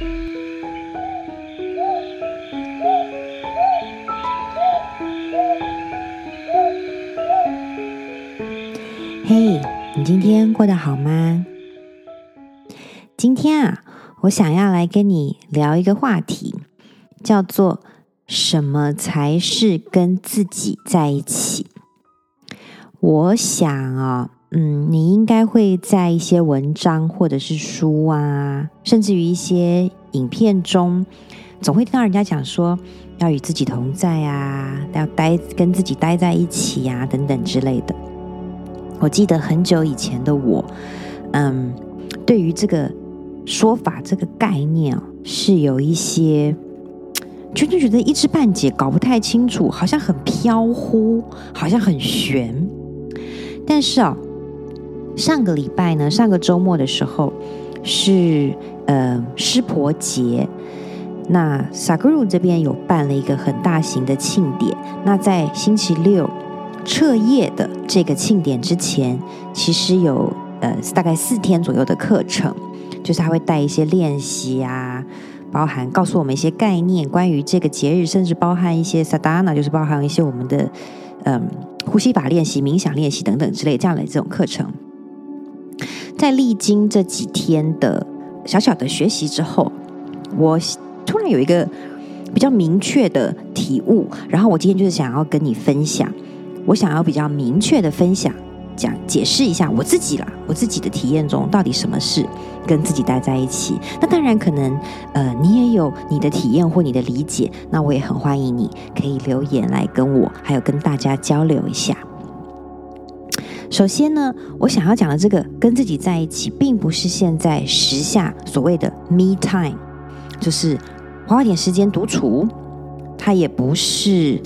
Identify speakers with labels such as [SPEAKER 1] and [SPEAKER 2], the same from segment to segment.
[SPEAKER 1] 嘿，hey, 你今天過得好嗎？今天啊，我想要來跟你聊一個話題，叫做“什麼才是跟自己在一起”。我想啊。嗯，你應該會在一些文章或者是書啊，甚至於一些影片中，總會聽到人家講說要與自己同在啊，要待跟自己待在一起啊，等等之類的。我記得很久以前的我，嗯，對於這個說法，這個概念啊，是有一些，就就覺得一知半解，搞不太清楚，好像很飄忽，好像很玄，但是啊。上個禮拜呢，上個週末的時候是呃濕婆節，那薩克魯這邊有辦了一個很大型的慶典。那在星期六徹夜的這個慶典之前，其實有呃大概四天左右的課程，就是他會帶一些練習啊，包含告訴我們一些概念關於這個節日，甚至包含一些薩達納，就是包含一些我們的嗯、呃、呼吸法練習、冥想練習等等之類這樣的這種課程。在歷經這幾天的小小的學習之後，我突然有一個比較明確的體悟，然後我今天就是想要跟你分享，我想要比較明確的分享，講，解釋一下我自己啦，我自己的體驗中到底什麼是跟自己待在一起。那當然可能，呃，你也有你的體驗或你的理解，那我也很歡迎你可以留言來跟我，還有跟大家交流一下。首先呢，我想要講的這個跟自己在一起，並不是現在時下所謂的 “me time”，就是花點時間獨處，它也不是，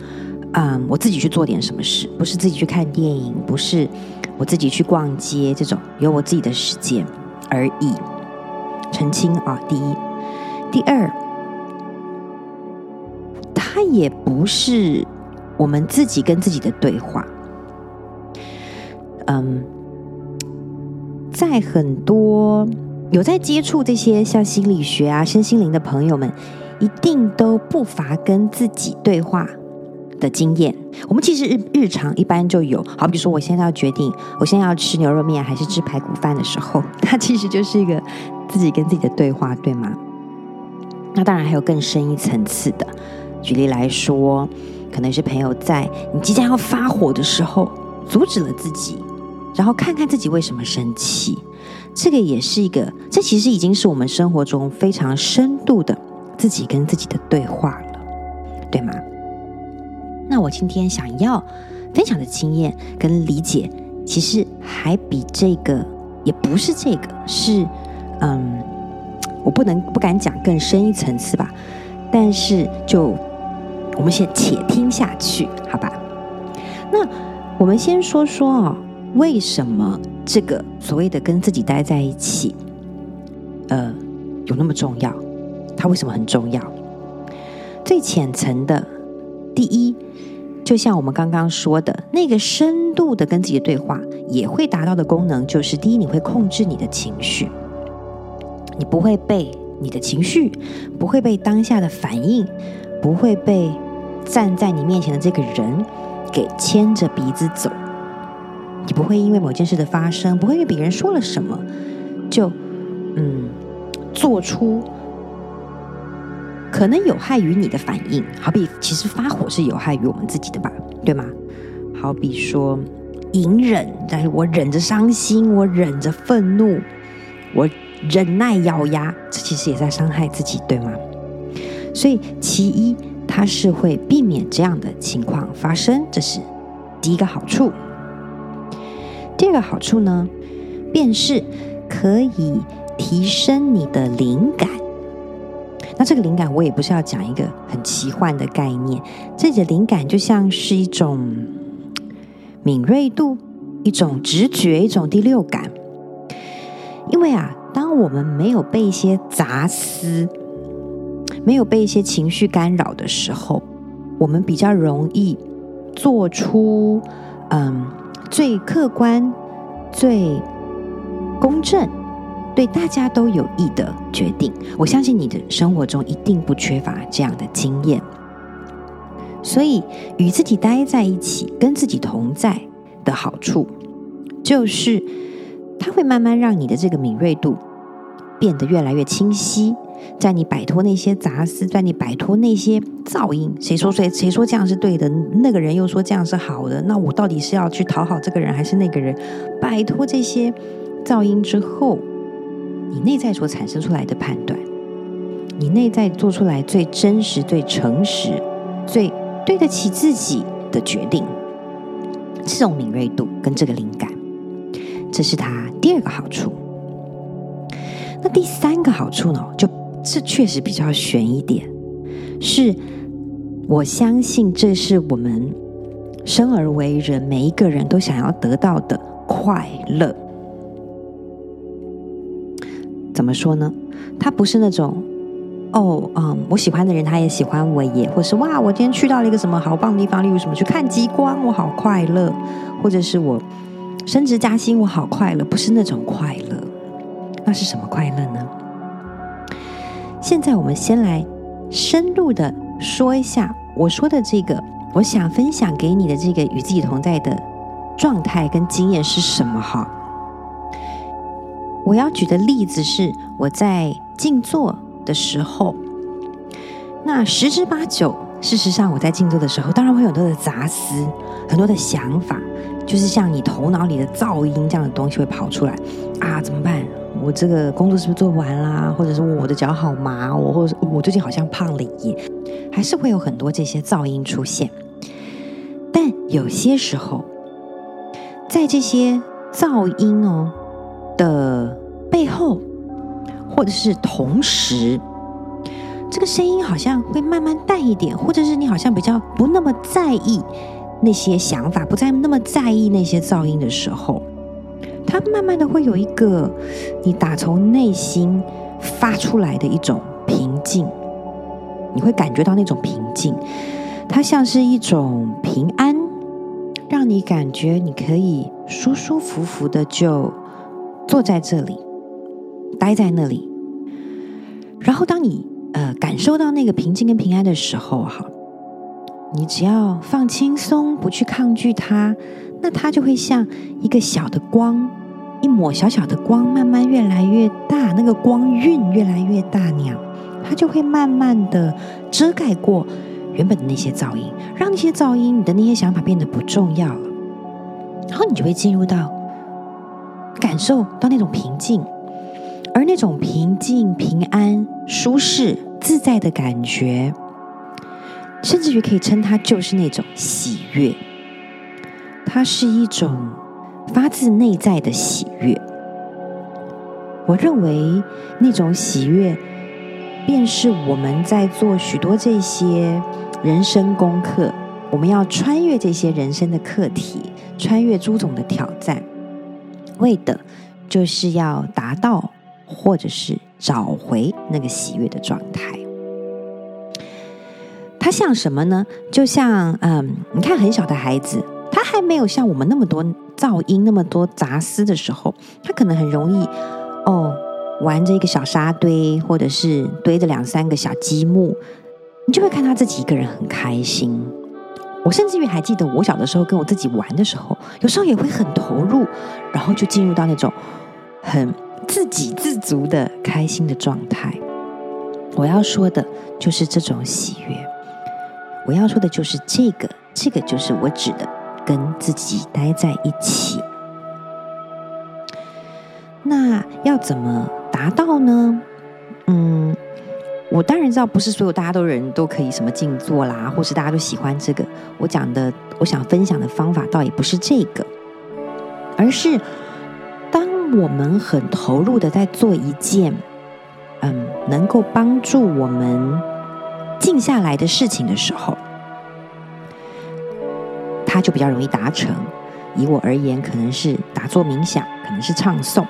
[SPEAKER 1] 嗯，我自己去做點什麼事，不是自己去看電影，不是我自己去逛街這種有我自己的時間而已。澄清啊，哦，第一，第二，它也不是我們自己跟自己的對話。嗯，um, 在很多有在接觸這些像心理學啊、身心靈的朋友們，一定都不乏跟自己對話的經驗。我們其實日日常一般就有，好，比如說我現在要決定我現在要吃牛肉麵還是吃排骨飯的時候，它其實就是一個自己跟自己的對話，對嗎？那當然還有更深一層次的。舉例來說，可能是朋友在你即將要發火的時候，阻止了自己。然後看看自己為什麼生氣，這個也是一個，這其實已經是我們生活中非常深度的自己跟自己的對話了，對嗎？那我今天想要分享的經驗跟理解，其實還比這個，也不是這個，是嗯，我不能，不敢講更深一層次吧，但是就，我們先且聽下去，好吧？那我們先說說哦。為什麼這個所謂的跟自己待在一起，呃，有那麼重要？它為什麼很重要？最淺層的，第一，就像我們剛剛說的，那個深度的跟自己的對話，也會達到的功能，就是第一，你會控制你的情緒，你不會被你的情緒，不會被當下的反應，不會被站在你面前的這個人給牽着鼻子走。你不會因為某件事的發生，不會因為別人說了什麼，就嗯做出可能有害於你的反應。好比其實發火是有害於我們自己的吧，對嗎？好比說隱忍，但是我忍着傷心，我忍着憤怒，我忍耐咬牙，這其實也在傷害自己，對嗎？所以，其一，它是會避免這樣的情況發生，這是第一個好處。的好處呢，便是可以提升你的靈感。那這個靈感，我也不是要講一個很奇幻的概念。這個靈感就像是一種敏銳度，一種直覺，一種第六感。因為啊，當我們沒有被一些雜思、沒有被一些情緒干擾的時候，我們比較容易做出嗯最客觀。最公正、對大家都有益的決定，我相信你的生活中一定不缺乏這樣的經驗。所以，與自己待在一起、跟自己同在的好處，就是它會慢慢讓你的這個敏銳度變得越來越清晰。在你擺脫那些雜事，在你擺脫那些噪音，誰說誰誰說這樣是對的，那個人又說這樣是好的，那我到底是要去討好這個人，還是那個人？擺脫這些噪音之後，你內在所產生出來的判斷，你內在做出來最真實、最誠實、最對得起自己的決定，這種敏銳度跟這個靈感，這是它第二個好處。那第三個好處呢？就這確實比較懸一點，是，我相信這是我們生而為人，每一個人都想要得到的快樂。怎麼說呢？他不是那種哦，嗯，我喜歡的人他也喜歡我耶，或是哇，我今天去到了一個什麼好棒的地方，例如什麼去看極光，我好快樂，或者是我升職加薪，我好快樂，不是那種快樂。那是什麼快樂呢？現在我們先來深入的說一下，我說的這個，我想分享給你的這個與自己同在的狀態跟經驗是什麼？哈，我要舉的例子是我在靜坐的時候，那十之八九，事實上我在靜坐的時候，當然會有很多的雜思，很多的想法，就是像你頭腦裡的噪音這樣的東西會跑出來，啊，怎麼辦？我這個工作是不是做完啦？啊，或者是我的腳好麻，我或者我最近好像胖了一點，還是會有很多這些噪音出現。但有些時候，在這些噪音哦的背後，或者是同時，這個聲音好像會慢慢淡一點，或者是你好像比較不那麼在意那些想法，不再那麼在意那些噪音的時候，它慢慢的會有一個，你打從內心發出來的一種平靜，你會感覺到那種平靜，它像是一種平安，讓你感覺你可以舒舒服服的就坐在這裡，待在那裡。然後當你呃感受到那個平靜跟平安的時候，哈，你只要放輕鬆，不去抗拒它。那它就會像一個小的光，一抹小小的光，慢慢越來越大，那個光暈越來越大，那樣它就會慢慢的遮蓋過原本的那些噪音，讓那些噪音、你的那些想法變得不重要了，然後你就會進入到感受到那種平靜，而那種平靜、平安、舒適、自在的感覺，甚至於可以稱它就是那種喜悅。它是一種發自內在的喜悅。我認為那種喜悅，便是我們在做許多這些人生功課，我們要穿越這些人生的課題，穿越諸種的挑戰，為的就是要達到或者是找回那個喜悅的狀態。它像什麼呢？就像嗯，你看很小的孩子。他還沒有像我們那麼多噪音、那麼多雜思的時候，他可能很容易，哦，玩着一個小沙堆，或者是堆着兩三個小積木，你就會看他自己一個人很開心。我甚至於還記得我小的時候跟我自己玩的時候，有時候也會很投入，然後就進入到那種很自給自足的開心的狀態。我要說的就是這種喜悅。我要說的就是這個，這個就是我指的。跟自己待在一起，那要怎麼達到呢？嗯，我當然知道，不是所有大家都人都可以什麼靜坐啦，或是大家都喜歡這個。我講的，我想分享的方法，倒也不是這個，而是當我們很投入的在做一件，嗯，能夠幫助我們靜下來的事情的時候。他就比較容易達成。以我而言，可能是打坐冥想，可能是唱誦。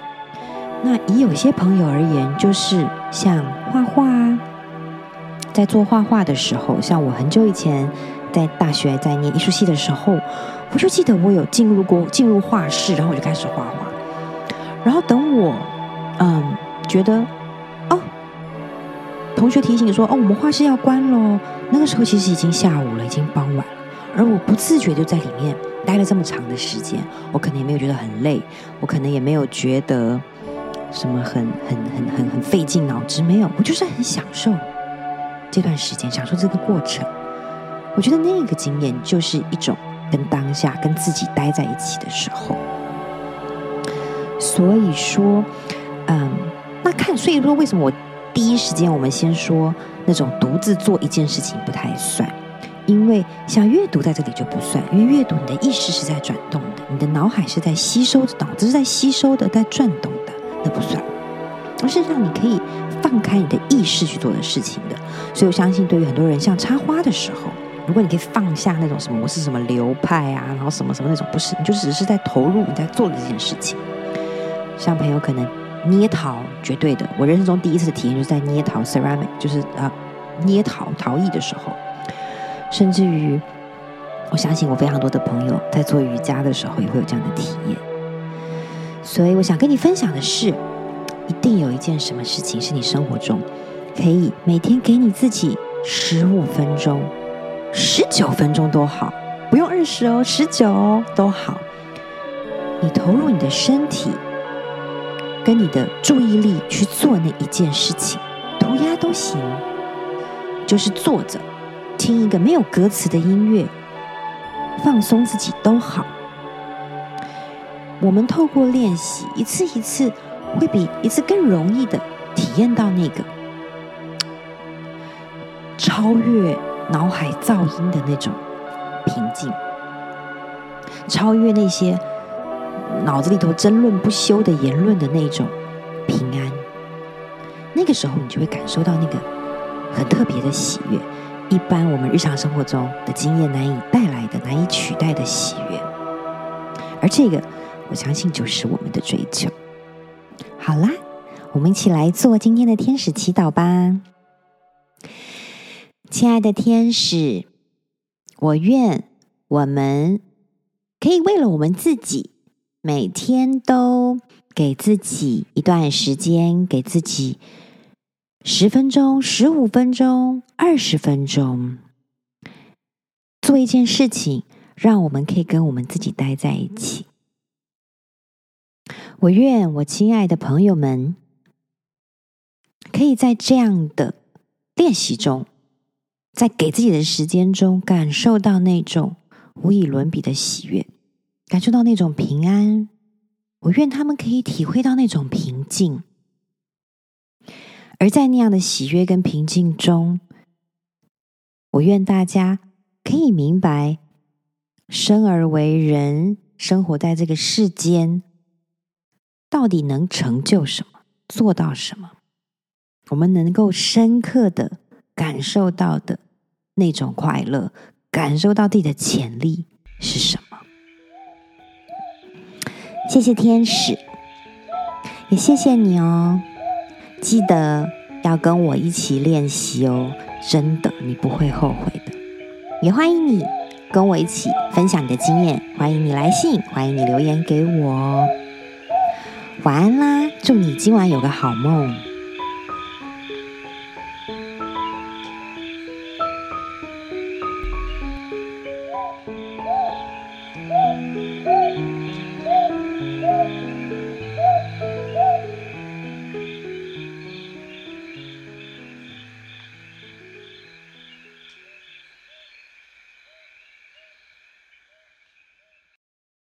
[SPEAKER 1] 那以有些朋友而言，就是像畫畫。在做畫畫的時候，像我很久以前在大學在念藝術系的時候，我就記得我有進入過，進入畫室，然後我就開始畫畫。然後等我，嗯，覺得，哦，同學提醒說，哦，我們畫室要關咯，那個時候其實已經下午了，已經傍晚了。而我不自覺就在裡面待了這麼長的時間，我可能也沒有覺得很累，我可能也沒有覺得什麼很很很很很費盡腦汁，沒有，我就是很享受這段時間，享受這個過程。我覺得那個經驗就是一種跟當下、跟自己待在一起的時候。所以說，嗯，那看，所以說為什麼我第一時間我們先說那種獨自做一件事情不太算。因為像閱讀在這裡就不算，因為閱讀你的意識是在轉動的，你的腦海是在吸收的，腦子是在吸收的，在轉動的，那不算，而是讓你可以放開你的意識去做的事情的。所以我相信，對於很多人，像插花的時候，如果你可以放下那種什麼我是什麼流派啊，然後什麼什麼那種，不是，你就只是在投入你在做的這件事情。像朋友可能捏陶，絕對的，我人生中第一次的體驗就是在捏陶 （ceramic），就是啊、呃，捏陶陶藝的時候。甚至於，我相信我非常多的朋友在做瑜伽的時候也會有這樣的體驗。所以我想跟你分享的是，一定有一件什麼事情是你生活中可以每天給你自己十五分鐘、十九分鐘都好，不用二十哦，十九哦都好，你投入你的身體，跟你的注意力去做那一件事情，塗鴉都行，就是坐着，聽一個沒有歌詞的音樂，放鬆自己都好。我們透過練習，一次一次，會比一次更容易的體驗到那個超越腦海噪音的那種平靜，超越那些腦子裡頭爭論不休的言論的那種平安。那個時候，你就會感受到那個很特別的喜悅。一般我們日常生活中的經驗難以帶來的、難以取代的喜悅，而這個我相信就是我們的追求。好啦，我們一起來做今天的天使祈禱吧，親愛的天使，我願我們可以為了我們自己，每天都給自己一段時間，給自己。十分鐘，十五分鐘，二十分鐘，做一件事情，讓我們可以跟我們自己待在一起。我願我親愛的朋友們，可以在這樣的練習中，在給自己的時間中，感受到那種無與倫比的喜悅，感受到那種平安。我願他們可以體會到那種平靜。而在那樣的喜悅跟平靜中，我願大家可以明白，生而為人，生活在這個世間，到底能成就什麼，做到什麼？我們能夠深刻地感受到的那種快樂，感受到自己的潛力是什麼？謝謝天使，也謝謝你哦。記得要跟我一起練習哦，真的，你不會後悔的。也歡迎你跟我一起分享你的經驗，歡迎你來信，歡迎你留言給我。晚安啦，祝你今晚有個好夢。